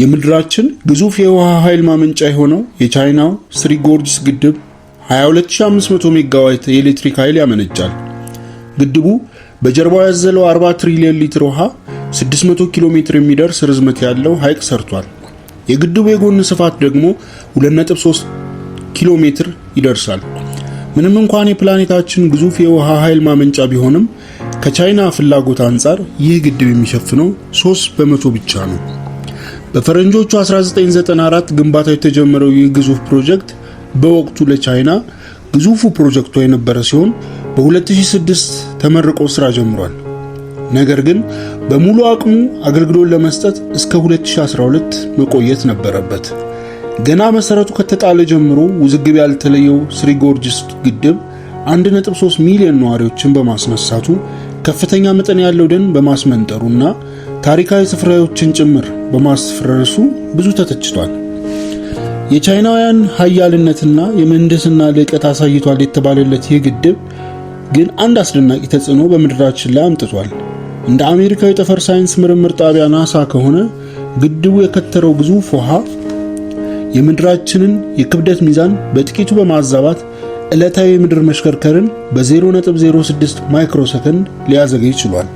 የምድራችን ግዙፍ የውሃ ኃይል ማመንጫ የሆነው የቻይናው ስሪ ጎርጅስ ግድብ 22500 ሜጋዋት የኤሌክትሪክ ኃይል ያመነጫል። ግድቡ በጀርባው ያዘለው 40 ትሪሊዮን ሊትር ውሃ 600 ኪሎ ሜትር የሚደርስ ርዝመት ያለው ሐይቅ ሰርቷል። የግድቡ የጎን ስፋት ደግሞ 2.3 ኪሎ ሜትር ይደርሳል። ምንም እንኳን የፕላኔታችን ግዙፍ የውሃ ኃይል ማመንጫ ቢሆንም ከቻይና ፍላጎት አንጻር ይህ ግድብ የሚሸፍነው 3 በመቶ ብቻ ነው። በፈረንጆቹ 1994 ግንባታው የተጀመረው ይህ ግዙፍ ፕሮጀክት በወቅቱ ለቻይና ግዙፉ ፕሮጀክቷ የነበረ ሲሆን በ2006 ተመርቆ ስራ ጀምሯል። ነገር ግን በሙሉ አቅሙ አገልግሎት ለመስጠት እስከ 2012 መቆየት ነበረበት። ገና መሰረቱ ከተጣለ ጀምሮ ውዝግብ ያልተለየው ስሪ ጎርጅስ ግድብ 1.3 ሚሊዮን ነዋሪዎችን በማስነሳቱ ከፍተኛ መጠን ያለው ደን በማስመንጠሩና ታሪካዊ ስፍራዎችን ጭምር በማስፈረሱ ብዙ ተተችቷል። የቻይናውያን ሀያልነትና የምህንድስና ልዕቀት አሳይቷል የተባለለት ይህ ግድብ ግን አንድ አስደናቂ ተጽዕኖ በምድራችን ላይ አምጥቷል። እንደ አሜሪካዊ የጠፈር ሳይንስ ምርምር ጣቢያ ናሳ ከሆነ ግድቡ የከተረው ግዙፍ ውሃ የምድራችንን የክብደት ሚዛን በጥቂቱ በማዛባት ዕለታዊ የምድር መሽከርከርን በ0.06 ማይክሮ ሰከንድ ሊያዘገይ ችሏል።